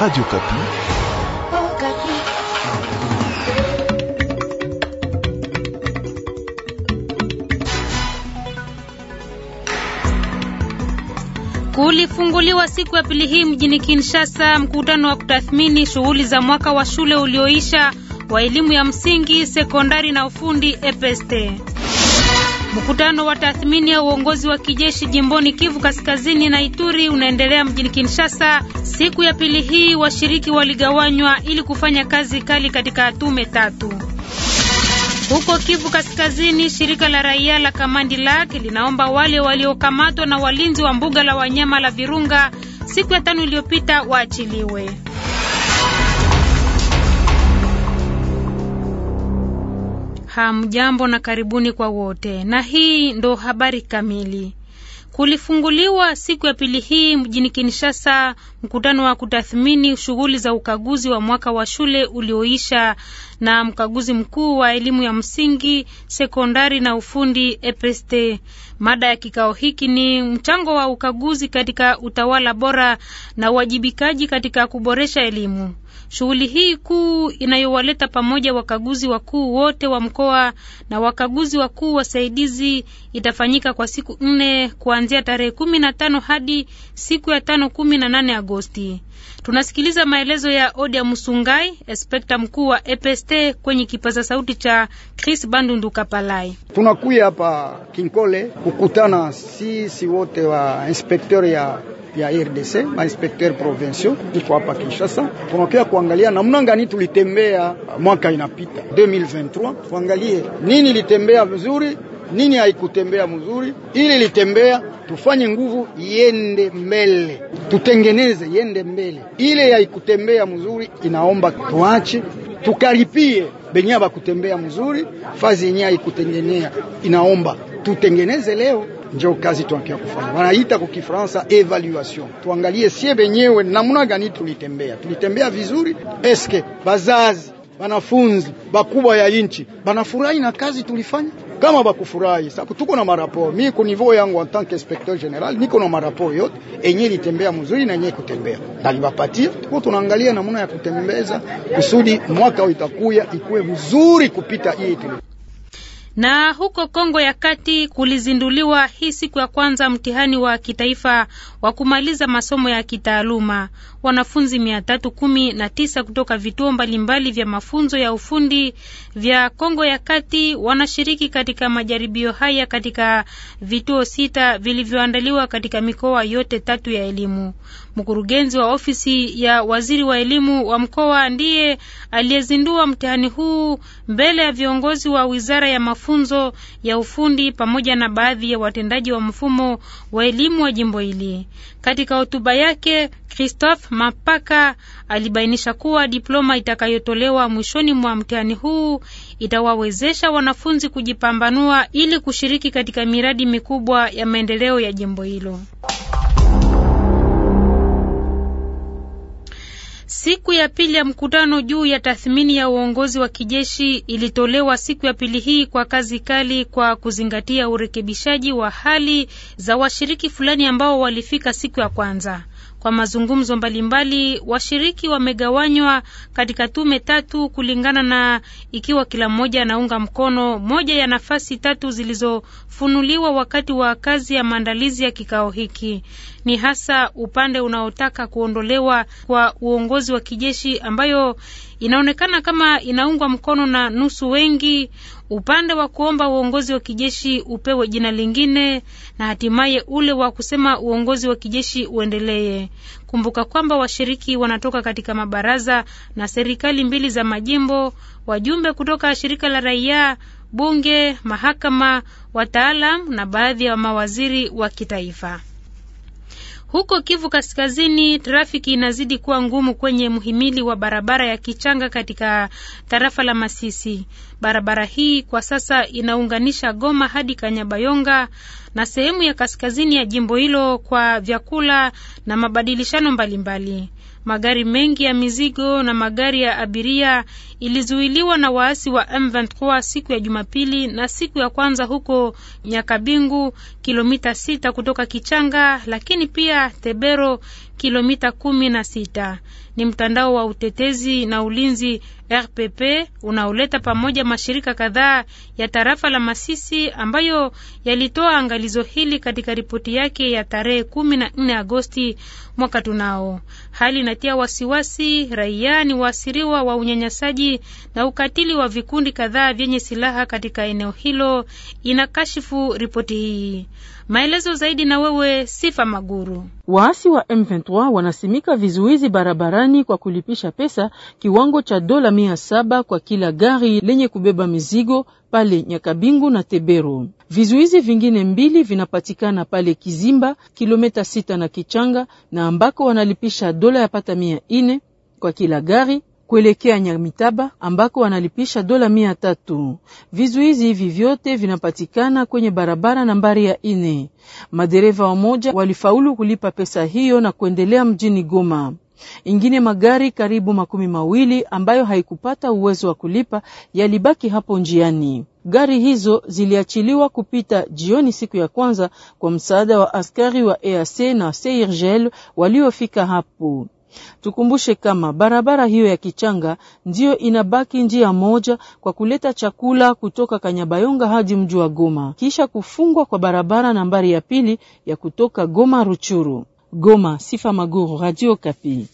Radio Kapi. Oh, Kapi. Kulifunguliwa siku ya pili hii mjini Kinshasa mkutano wa kutathmini shughuli za mwaka wa shule ulioisha wa elimu ya msingi, sekondari na ufundi EPST. Mkutano wa tathmini ya uongozi wa kijeshi jimboni Kivu Kaskazini na Ituri unaendelea mjini Kinshasa. Siku ya pili hii washiriki waligawanywa ili kufanya kazi kali katika tume tatu. Huko Kivu Kaskazini, shirika la raia la Kamandi Lake linaomba wale waliokamatwa na walinzi wa mbuga la wanyama la Virunga siku ya tano iliyopita waachiliwe. Hamjambo na karibuni kwa wote, na hii ndo habari kamili. Kulifunguliwa siku ya pili hii mjini Kinshasa mkutano wa kutathmini shughuli za ukaguzi wa mwaka wa shule ulioisha na mkaguzi mkuu wa elimu ya msingi, sekondari na ufundi EPST. Mada ya kikao hiki ni mchango wa ukaguzi katika utawala bora na uwajibikaji katika kuboresha elimu. Shughuli hii kuu inayowaleta pamoja wakaguzi wakuu wote wa mkoa na wakaguzi wakuu wasaidizi itafanyika kwa siku nne kuanzia tarehe kumi na tano hadi siku ya tano kumi na nane Agosti. Tunasikiliza maelezo ya Odia Musungai, espekta mkuu wa EPST kwenye kipaza sauti cha Chris Bandundu Kapalai. Tunakuya hapa Kinkole kukutana sisi wote wa inspekteur ya ya RDC mainspekter provinciaux iko hapa Kinshasa. Tunakia kuangalia namna gani tulitembea mwaka inapita 2023, tuangalie nini litembea vizuri, nini haikutembea mzuri, ili litembea tufanye nguvu iende mbele, tutengeneze iende mbele. Ile haikutembea mzuri inaomba tuache, tukaripie benye bakutembea mzuri, fazi yenye haikutengenea inaomba tutengeneze leo njo kazi tunakia kufanya, wanaita kwa Kifaransa evaluation. Tuangalie sie benyewe namna gani tulitembea, tulitembea vizuri eske bazazi banafunzi bakubwa ya inchi banafurahi na kazi tulifanya. Kama bakufurahi sababu tuko na marapo, mi ku niveau yangu en tant que inspecteur general niko na marapo yote enye litembea mzuri na enye kutembea nalibapatia. Tuko tunaangalia namna ya kutembeza kusudi mwaka itakuya ikuwe mzuri kupita hii. Na huko Kongo ya Kati kulizinduliwa hii siku ya kwanza mtihani wa kitaifa wa kumaliza masomo ya kitaaluma. Wanafunzi mia tatu kumi na tisa kutoka vituo mbalimbali vya mafunzo ya ufundi vya Kongo ya Kati wanashiriki katika majaribio haya katika vituo sita vilivyoandaliwa katika mikoa yote tatu ya elimu. Mkurugenzi wa ofisi ya waziri wa elimu wa mkoa ndiye aliyezindua mtihani huu mbele ya viongozi wa wizara ya mafunzo ya ufundi pamoja na baadhi ya watendaji wa mfumo wa elimu wa jimbo hili. Katika hotuba yake, Christophe Mapaka alibainisha kuwa diploma itakayotolewa mwishoni mwa mtihani huu itawawezesha wanafunzi kujipambanua ili kushiriki katika miradi mikubwa ya maendeleo ya jimbo hilo. Siku ya pili ya mkutano juu ya tathmini ya uongozi wa kijeshi ilitolewa siku ya pili hii kwa kazi kali kwa kuzingatia urekebishaji wa hali za washiriki fulani ambao walifika siku ya kwanza. Kwa mazungumzo mbalimbali, washiriki wamegawanywa katika tume tatu kulingana na ikiwa kila mmoja anaunga mkono moja ya nafasi tatu zilizofunuliwa wakati wa kazi ya maandalizi ya kikao hiki ni hasa upande unaotaka kuondolewa kwa uongozi wa kijeshi ambayo inaonekana kama inaungwa mkono na nusu wengi, upande wa kuomba uongozi wa kijeshi upewe jina lingine na hatimaye ule wa kusema uongozi wa kijeshi uendelee. Kumbuka kwamba washiriki wanatoka katika mabaraza na serikali mbili za majimbo, wajumbe kutoka shirika la raia, bunge, mahakama, wataalam na baadhi ya mawaziri wa kitaifa. Huko Kivu Kaskazini, trafiki inazidi kuwa ngumu kwenye mhimili wa barabara ya Kichanga katika tarafa la Masisi. Barabara hii kwa sasa inaunganisha Goma hadi Kanyabayonga na sehemu ya kaskazini ya jimbo hilo kwa vyakula na mabadilishano mbalimbali magari mengi ya mizigo na magari ya abiria ilizuiliwa na waasi wa M23 siku ya Jumapili na siku ya kwanza huko Nyakabingu, kilomita sita kutoka Kichanga, lakini pia Tebero, kilomita kumi na sita ni mtandao wa utetezi na ulinzi RPP unaoleta pamoja mashirika kadhaa ya tarafa la Masisi ambayo yalitoa angalizo hili katika ripoti yake ya tarehe 14 Agosti mwaka tunao. Hali inatia wasiwasi, raia ni waasiriwa wa unyanyasaji na ukatili wa vikundi kadhaa vyenye silaha katika eneo hilo, inakashifu ripoti hii. Maelezo zaidi na wewe Sifa Maguru. Waasi wa M23 wanasimika vizuizi barabarani kwa kulipisha pesa kiwango cha dola mia saba kwa kila gari lenye kubeba mizigo pale Nyakabingu na Tebero. Vizuizi vingine mbili vinapatikana pale Kizimba, kilometa sita na Kichanga, na ambako wanalipisha dola yapata mia ine kwa kila gari kuelekea Nyamitaba ambako wanalipisha dola mia tatu. Vizuizi hivi vyote vinapatikana kwenye barabara nambari ya ine. Madereva wamoja walifaulu kulipa pesa hiyo na kuendelea mjini Goma. Ingine magari karibu makumi mawili ambayo haikupata uwezo wa kulipa yalibaki hapo njiani. Gari hizo ziliachiliwa kupita jioni siku ya kwanza kwa msaada wa askari wa EAC na Seirgel waliofika hapo. Tukumbushe kama barabara hiyo ya Kichanga ndiyo inabaki njia moja kwa kuleta chakula kutoka Kanyabayonga hadi mji wa Goma, kisha kufungwa kwa barabara nambari ya pili ya kutoka Goma Ruchuru. Goma, Sifa Maguru, Radio Kapi.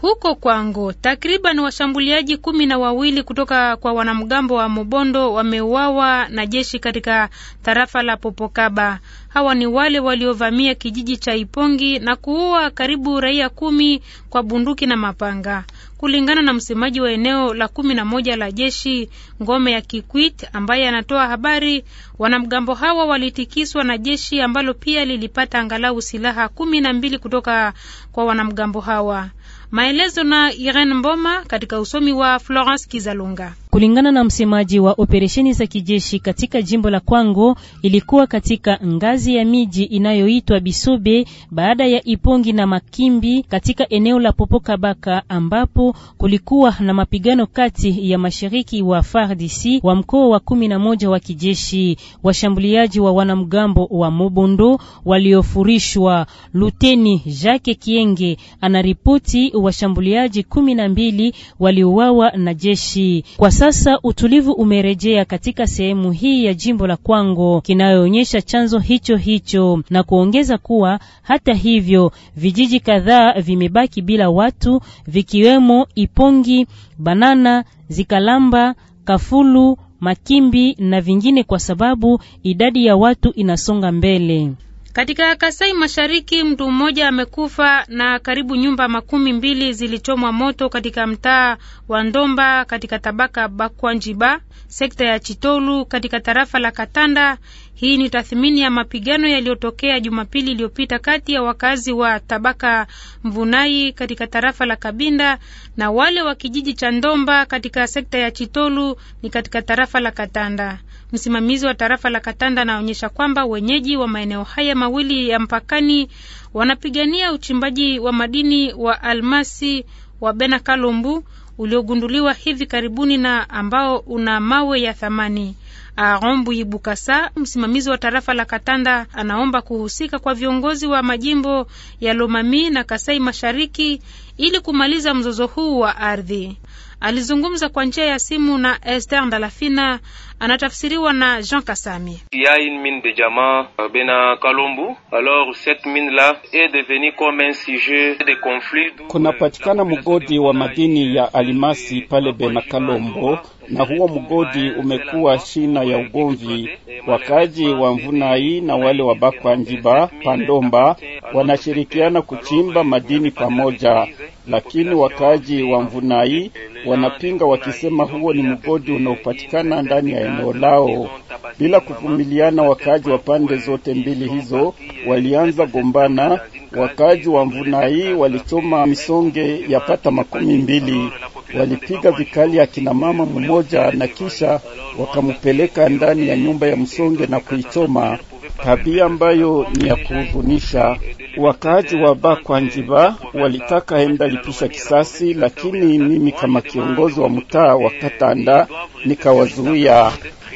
Huko Kwango takriban washambuliaji kumi na wawili kutoka kwa wanamgambo wa Mobondo wameuawa na jeshi katika tarafa la Popokaba. Hawa ni wale waliovamia kijiji cha Ipongi na kuua karibu raia kumi kwa bunduki na mapanga, kulingana na msemaji wa eneo la kumi na moja la jeshi ngome ya Kikwit ambaye anatoa habari. Wanamgambo hawa walitikiswa na jeshi ambalo pia lilipata angalau silaha kumi na mbili kutoka kwa wanamgambo hawa. Maelezo na Irene Mboma katika usomi wa Florence Kizalunga. Kulingana na msemaji wa operesheni za kijeshi katika jimbo la Kwango, ilikuwa katika ngazi ya miji inayoitwa Bisobe baada ya Ipongi na Makimbi katika eneo la Popokabaka ambapo kulikuwa na mapigano kati ya mashariki wa FARDC wa mkoa wa kumi na moja wa kijeshi, washambuliaji wa wanamgambo wa Mobondo waliofurishwa. Luteni Jacques Kienge anaripoti washambuliaji kumi na mbili waliuawa na jeshi kwa sasa utulivu umerejea katika sehemu hii ya jimbo la Kwango kinayoonyesha chanzo hicho hicho, na kuongeza kuwa hata hivyo vijiji kadhaa vimebaki bila watu vikiwemo Ipongi, Banana, Zikalamba, Kafulu, Makimbi na vingine kwa sababu idadi ya watu inasonga mbele. Katika Kasai Mashariki, mtu mmoja amekufa na karibu nyumba makumi mbili zilichomwa moto katika mtaa wa Ndomba katika tabaka Bakwanjiba, sekta ya Chitolu katika tarafa la Katanda. Hii ni tathmini ya mapigano yaliyotokea Jumapili iliyopita kati ya wakazi wa tabaka Mvunai katika tarafa la Kabinda na wale wa kijiji cha Ndomba katika sekta ya Chitolu ni katika tarafa la Katanda. Msimamizi wa tarafa la Katanda anaonyesha kwamba wenyeji wa maeneo haya mawili ya mpakani wanapigania uchimbaji wa madini wa almasi wa Benakalombu uliogunduliwa hivi karibuni na ambao una mawe ya thamani. Arombu Ibukasa, msimamizi wa tarafa la Katanda, anaomba kuhusika kwa viongozi wa majimbo ya Lomami na Kasai Mashariki ili kumaliza mzozo huu wa ardhi. Alizungumza kwa njia ya simu na Esther Ndalafina anatafsiriwa na Jean Kasami. Ya une mine de diamant euh, Bena Kalumbu. Alors cette mine la est devenue comme un sujet de conflit. Euh, Kunapatikana mgodi wa madini ya alimasi pale Bena Kalombo na huo mgodi umekuwa shina ya ugomvi. Wakaji wa Mvunai na wale wa njiba Pandomba wanashirikiana kuchimba euh, madini pamoja, lakini wakaji wa Mvunai wanapinga wakisema huo ni mgodi unaopatikana ndani ya eneo lao. Bila kuvumiliana, wakaaji wa pande zote mbili hizo walianza gombana. Wakaaji wa Mvunai walichoma misonge ya pata makumi mbili, walipiga vikali akina mama mmoja na kisha wakamupeleka ndani ya nyumba ya msonge na kuichoma, tabia ambayo ni ya kuhuzunisha. Wakaaji wa Bakwanjiba walitaka henda lipisha kisasi, lakini mimi kama kiongozi wa mtaa wa Katanda nikawazuia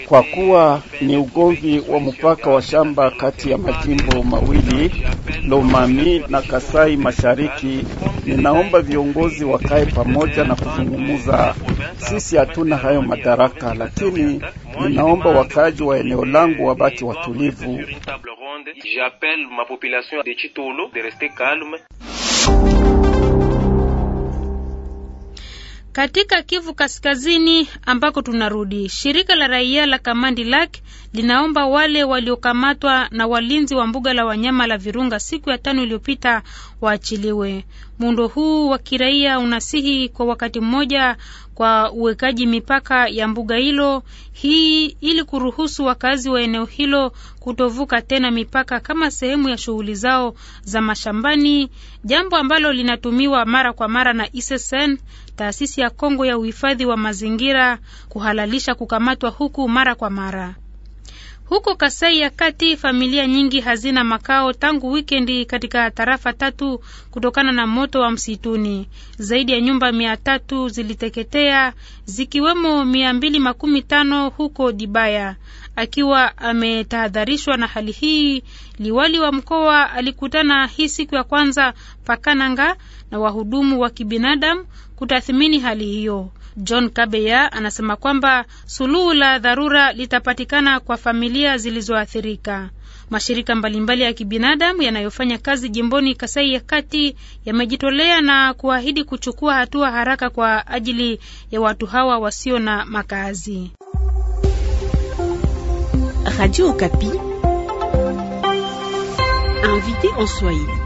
kwa kuwa ni ugomvi wa mpaka wa shamba kati ya majimbo mawili Lomami na Kasai Mashariki. Ninaomba viongozi wakae pamoja na kuzungumuza. Sisi hatuna hayo madaraka, lakini ninaomba wakaaji wa eneo langu wabaki watulivu. J'appelle ma population de Chitolo de rester calme. Katika Kivu Kaskazini ambako tunarudi, shirika la raia la Kamandi Lake linaomba wale waliokamatwa na walinzi wa mbuga la wanyama la Virunga siku ya tano iliyopita waachiliwe. Muundo huu wa kiraia unasihi kwa wakati mmoja kwa uwekaji mipaka ya mbuga hilo hii ili kuruhusu wakazi wa eneo hilo kutovuka tena mipaka kama sehemu ya shughuli zao za mashambani, jambo ambalo linatumiwa mara kwa mara na SSN e taasisi ya Kongo ya uhifadhi wa mazingira kuhalalisha kukamatwa huku mara kwa mara. Huko Kasai ya Kati, familia nyingi hazina makao tangu wikendi katika tarafa tatu kutokana na moto wa msituni. Zaidi ya nyumba mia tatu ziliteketea zikiwemo mia mbili makumi tano huko Dibaya. Akiwa ametahadharishwa na hali hii, liwali wa mkoa alikutana hii siku ya kwanza Pakananga na wahudumu wa kibinadamu kutathmini hali hiyo. John Kabeya anasema kwamba suluhu la dharura litapatikana kwa familia zilizoathirika. Mashirika mbalimbali ya kibinadamu yanayofanya kazi jimboni Kasai ya Kati yamejitolea na kuahidi kuchukua hatua haraka kwa ajili ya watu hawa wasio na makazi. Radio Okapi, invité en Swahili.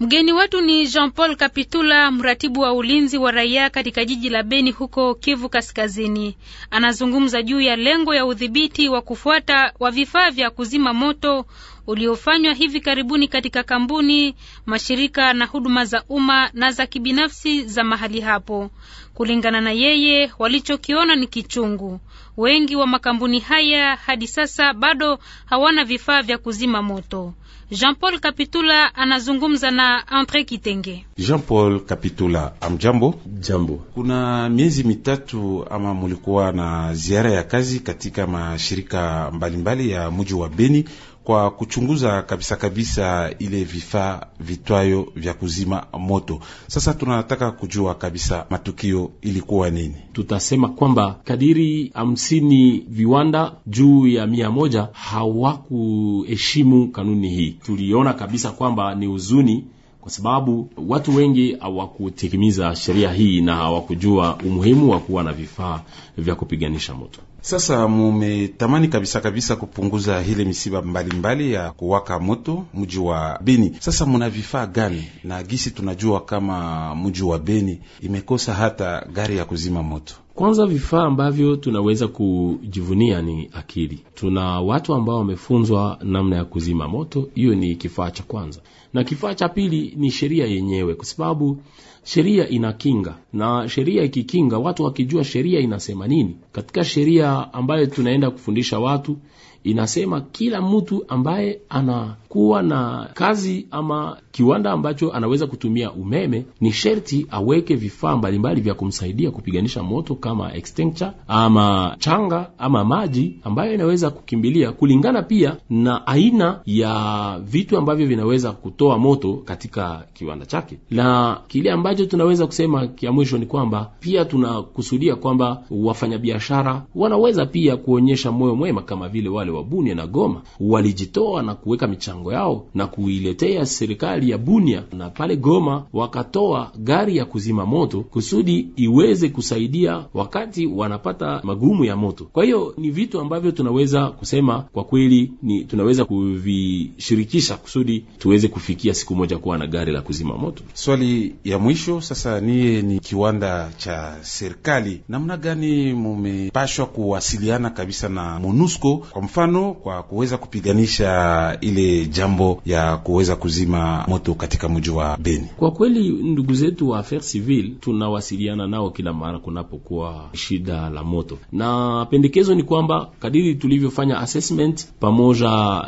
Mgeni wetu ni Jean-Paul Kapitula, mratibu wa ulinzi wa raia katika jiji la Beni huko Kivu Kaskazini. Anazungumza juu ya lengo ya udhibiti wa kufuata wa vifaa vya kuzima moto uliofanywa hivi karibuni katika kampuni, mashirika na huduma za umma na za kibinafsi za mahali hapo. Kulingana na yeye, walichokiona ni kichungu. Wengi wa makampuni haya hadi sasa bado hawana vifaa vya kuzima moto. Jean Paul Kapitula anazungumza na Andre Kitenge. Jean Paul Kapitula, amjambo. Jambo. Kuna miezi mitatu ama mulikuwa na ziara ya kazi katika mashirika mbalimbali mbali ya muji wa Beni kwa kuchunguza kabisa kabisa ile vifaa vitwayo vya kuzima moto. Sasa tunataka kujua kabisa matukio ilikuwa nini. Tutasema kwamba kadiri hamsini viwanda juu ya mia moja hawakuheshimu kanuni hii. Tuliona kabisa kwamba ni huzuni kwa sababu watu wengi hawakutikimiza sheria hii na hawakujua umuhimu wa kuwa na vifaa vya kupiganisha moto. Sasa mumetamani kabisa kabisa kupunguza hile misiba mbalimbali mbali ya kuwaka moto mji wa Beni. Sasa muna vifaa gani? Na gisi tunajua kama mji wa Beni imekosa hata gari ya kuzima moto. Kwanza, vifaa ambavyo tunaweza kujivunia ni akili. Tuna watu ambao wamefunzwa namna ya kuzima moto, hiyo ni kifaa cha kwanza, na kifaa cha pili ni sheria yenyewe, kwa sababu sheria inakinga, na sheria ikikinga, watu wakijua sheria inasema nini, katika sheria ambayo tunaenda kufundisha watu inasema kila mtu ambaye anakuwa na kazi ama kiwanda ambacho anaweza kutumia umeme ni sherti aweke vifaa mbalimbali vya kumsaidia kupiganisha moto kama extinguisher ama changa ama maji ambayo inaweza kukimbilia, kulingana pia na aina ya vitu ambavyo vinaweza kutoa moto katika kiwanda chake. Na kile ambacho tunaweza kusema kia mwisho ni kwamba pia tunakusudia kwamba wafanyabiashara wanaweza pia kuonyesha moyo mwema kama vile wale wale wa Bunia na Goma walijitoa na kuweka michango yao na kuiletea serikali ya Bunia na pale Goma wakatoa gari ya kuzima moto kusudi iweze kusaidia wakati wanapata magumu ya moto. Kwa hiyo ni vitu ambavyo tunaweza kusema kwa kweli ni tunaweza kuvishirikisha kusudi tuweze kufikia siku moja kuwa na gari la kuzima moto. Swali ya mwisho sasa, niye ni kiwanda cha serikali, namna gani mumepashwa kuwasiliana kabisa na MONUSCO kwa mfano mfano kwa kuweza kupiganisha ile jambo ya kuweza kuzima moto katika mji wa Beni. Kwa kweli, ndugu zetu wa affaire civile tunawasiliana nao kila mara kunapokuwa shida la moto, na pendekezo ni kwamba kadiri tulivyofanya assessment pamoja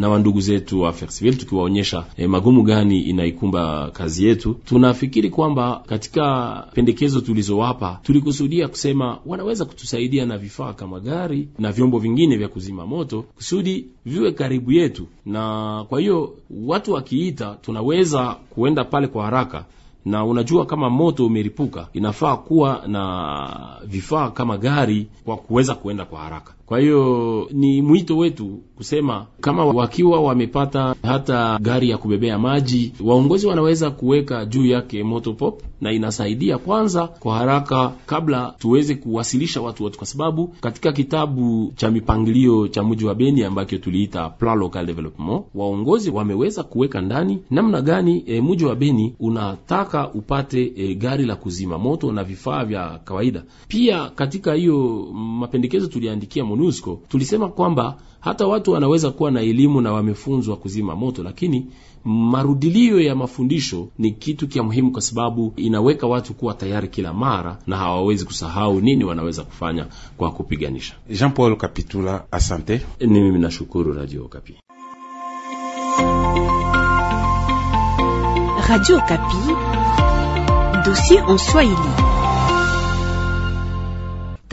na wandugu zetu wa affaire civile, tukiwaonyesha eh, magumu gani inaikumba kazi yetu, tunafikiri kwamba katika pendekezo tulizowapa tulikusudia kusema wanaweza kutusaidia na vifaa kama gari na vyombo vingine vya kuzima moto moto kusudi viwe karibu yetu, na kwa hiyo watu wakiita, tunaweza kuenda pale kwa haraka na unajua kama moto umeripuka, inafaa kuwa na vifaa kama gari kwa kuweza kuenda kwa haraka. Kwa hiyo ni mwito wetu kusema kama wakiwa wamepata hata gari ya kubebea maji, waongozi wanaweza kuweka juu yake motopop, na inasaidia kwanza kwa haraka, kabla tuweze kuwasilisha watu wote, kwa sababu katika kitabu cha mipangilio cha mji wa Beni ambacho tuliita Plan Local Development, waongozi wameweza kuweka ndani namna gani e, mji wa Beni unataka upate e, gari la kuzima moto na vifaa vya kawaida. Pia katika hiyo mapendekezo tuliandikia MONUSCO tulisema kwamba hata watu wanaweza kuwa na elimu na wamefunzwa kuzima moto, lakini marudilio ya mafundisho ni kitu kia muhimu, kwa sababu inaweka watu kuwa tayari kila mara na hawawezi kusahau nini wanaweza kufanya kwa kupiganisha. Jean Paul Kapitula, asante. Eh, ni mimi nashukuru Radio Kapi. Radio Kapi, dossier en Swahili.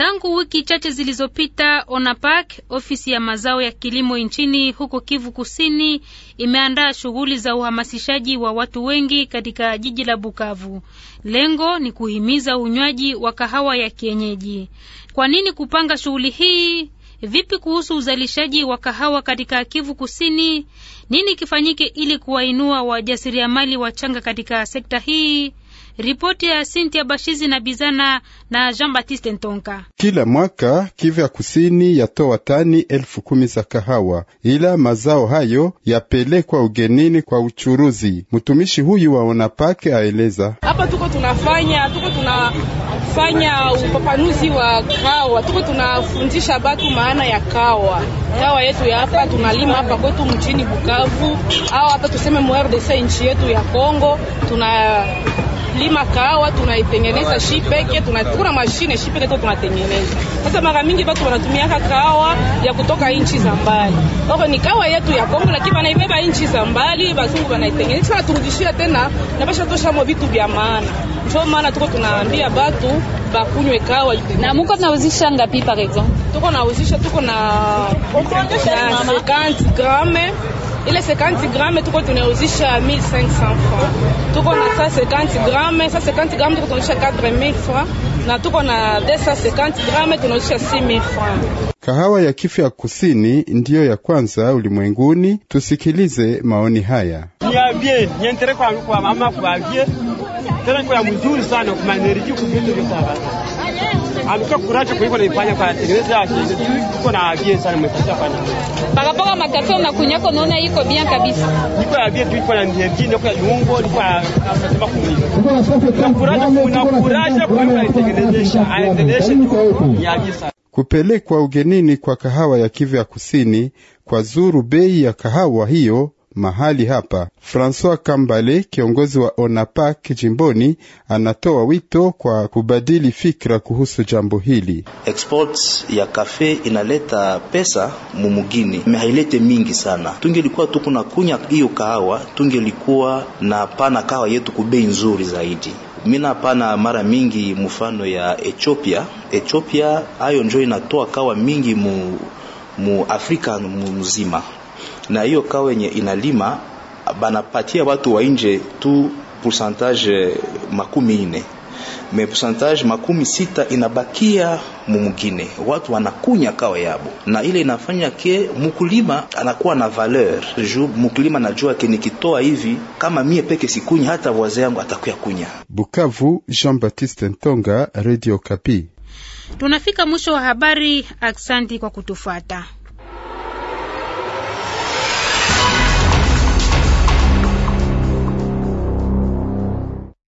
Tangu wiki chache zilizopita, ONAPAK, ofisi ya mazao ya kilimo nchini huko Kivu Kusini, imeandaa shughuli za uhamasishaji wa watu wengi katika jiji la Bukavu. Lengo ni kuhimiza unywaji wa kahawa ya kienyeji. Kwa nini kupanga shughuli hii? Vipi kuhusu uzalishaji wa kahawa katika Kivu Kusini? Nini kifanyike ili kuwainua wajasiriamali wachanga katika sekta hii? Ripoti ya Cynthia Bashizi na Bizana na Jean Baptiste Ntonka. Kila mwaka Kivu ya Kusini yatoa tani elfu kumi za kahawa, ila mazao hayo yapelekwa ugenini kwa uchuruzi. Mtumishi huyu wa Onapake aeleza: hapa tuko tunafanya tuko tunafanya upapanuzi wa kawa, tuko tunafundisha batu maana ya kawa. Kawa yetu ya hapa tunalima hapa kwetu mchini Bukavu, au hata tuseme MRDC, nchi yetu ya Kongo tuna kulima kahawa tunaitengeneza shi peke, tunakuna mashine shi peke tunatengeneza. Sasa mara mingi watu wanatumiaka kahawa ya kutoka nchi za mbali, ao ni kahawa yetu ya Kongo, lakini wanaibeba nchi za mbali, bazungu wanaitengeneza. Sasa turudishia tena na basha tosha mo vitu vya maana, ndio maana tuko tunaambia batu bakunywe kahawa. Na mko tunauzisha ngapi? Par exemple, tuko nauzisha tuko na 50 gramme ile 50 gramme tuko tunauzisha 1500 francs, tuko na sa 50 gramme, sa 50 gramme tuko tunauzisha 4000 francs na tuko na 250 grame tunauzisha 6000 francs. Kahawa ya Kivu ya Kusini ndiyo ya kwanza ulimwenguni. Tusikilize maoni haya. Niambie, nientere kwa mama kwa vie. Tena kwa mzuri sana kwa maneriji kupita vitava amekuwa kuracha kuracho kuliko naifanya kwa tengeneza yake tuko na agie sana mwefuta fanya paka makafe na kunyako naona iko bien kabisa niko ya bien tuko na energy niko ya lungo niko ya nasema kumi na kuracho kuna kuracho kuliko naitengenezesha aendeleshe tu ya agie sana kupelekwa ugenini kwa kahawa ya Kivu ya Kusini kwa zuru bei ya kahawa hiyo mahali hapa. Francois Kambale, kiongozi wa ONAPAK jimboni, anatoa wito kwa kubadili fikra kuhusu jambo hili. export ya kafe inaleta pesa mumugini, mehailete mingi sana. Tungelikuwa tuku na kunya hiyo kahawa, tungelikuwa na pana kahawa yetu kubei nzuri zaidi. Mina pana mara mingi mfano ya Ethiopia. Ethiopia hayo njo inatoa kawa mingi mu, mu Afrika mzima na hiyo kawa yenye inalima banapatia watu wa nje tu pourcentage makumi ine me pourcentage makumi sita inabakia mumugine, watu wanakunya kawa yabo, na ile inafanya ke mukulima anakuwa na valeur ju mukulima anajua ke nikitoa hivi kama mie peke sikunya, hata waze yangu atakuya kunya. Bukavu, Jean Baptiste Ntonga, Radio Kapi. Tunafika mwisho wa habari. Aksanti kwa kutufuata.